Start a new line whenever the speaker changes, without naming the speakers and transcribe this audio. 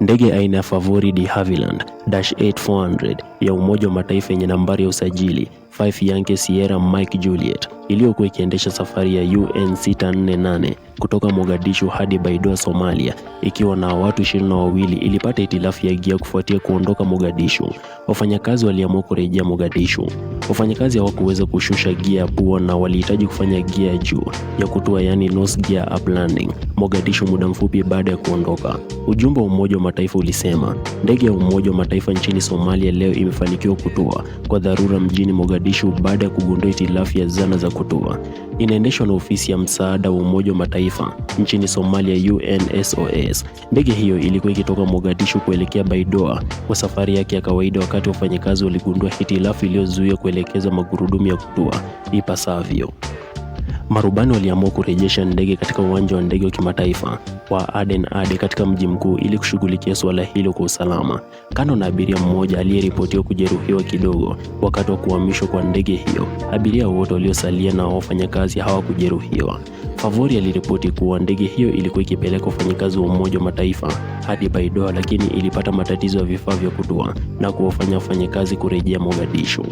Ndege aina ya Favori de Havilland Dash 8400 ya Umoja wa Mataifa yenye nambari ya usajili 5 Yankee Sierra Mike Juliet iliyokuwa ikiendesha safari ya UN 648 kutoka Mogadishu hadi Baidoa, Somalia, ikiwa na watu 22 wawili ilipata itilafu ya gia kufuatia kuondoka Mogadishu. Wafanyakazi waliamua kurejea Mogadishu. Wafanyakazi hawakuweza kushusha gia ya pua na walihitaji kufanya gia juu ya kutua, yani nose gear up landing. Mogadishu muda mfupi baada ya kuondoka. Ujumbe wa Umoja wa Mataifa ulisema ndege ya Umoja wa Mataifa nchini Somalia leo imefanikiwa kutua kwa dharura mjini Mogadishu baada ya kugundua hitilafu ya zana za kutua. Inaendeshwa na ofisi ya msaada wa Umoja wa Mataifa nchini Somalia, UNSOS. Ndege hiyo ilikuwa ikitoka Mogadishu kuelekea Baidoa kwa safari yake ya kawaida, wakati wafanyikazi waligundua hitilafu iliyozuia kuelekeza magurudumu ya kutua ipasavyo. Marubani waliamua kurejesha ndege katika uwanja wa ndege wa kimataifa wa Aden Ade katika mji mkuu ili kushughulikia suala hilo kwa usalama, kando na abiria mmoja aliyeripotiwa kujeruhiwa kidogo wakati wa kuhamishwa kwa ndege hiyo. Abiria wote waliosalia na wafanyakazi hawakujeruhiwa. Favori aliripoti kuwa ndege hiyo ilikuwa ikipeleka wafanyakazi wa Umoja wa Mataifa hadi Baidoa, lakini ilipata matatizo ya vifaa vya kutua na kuwafanya wafanyakazi kurejea Mogadishu.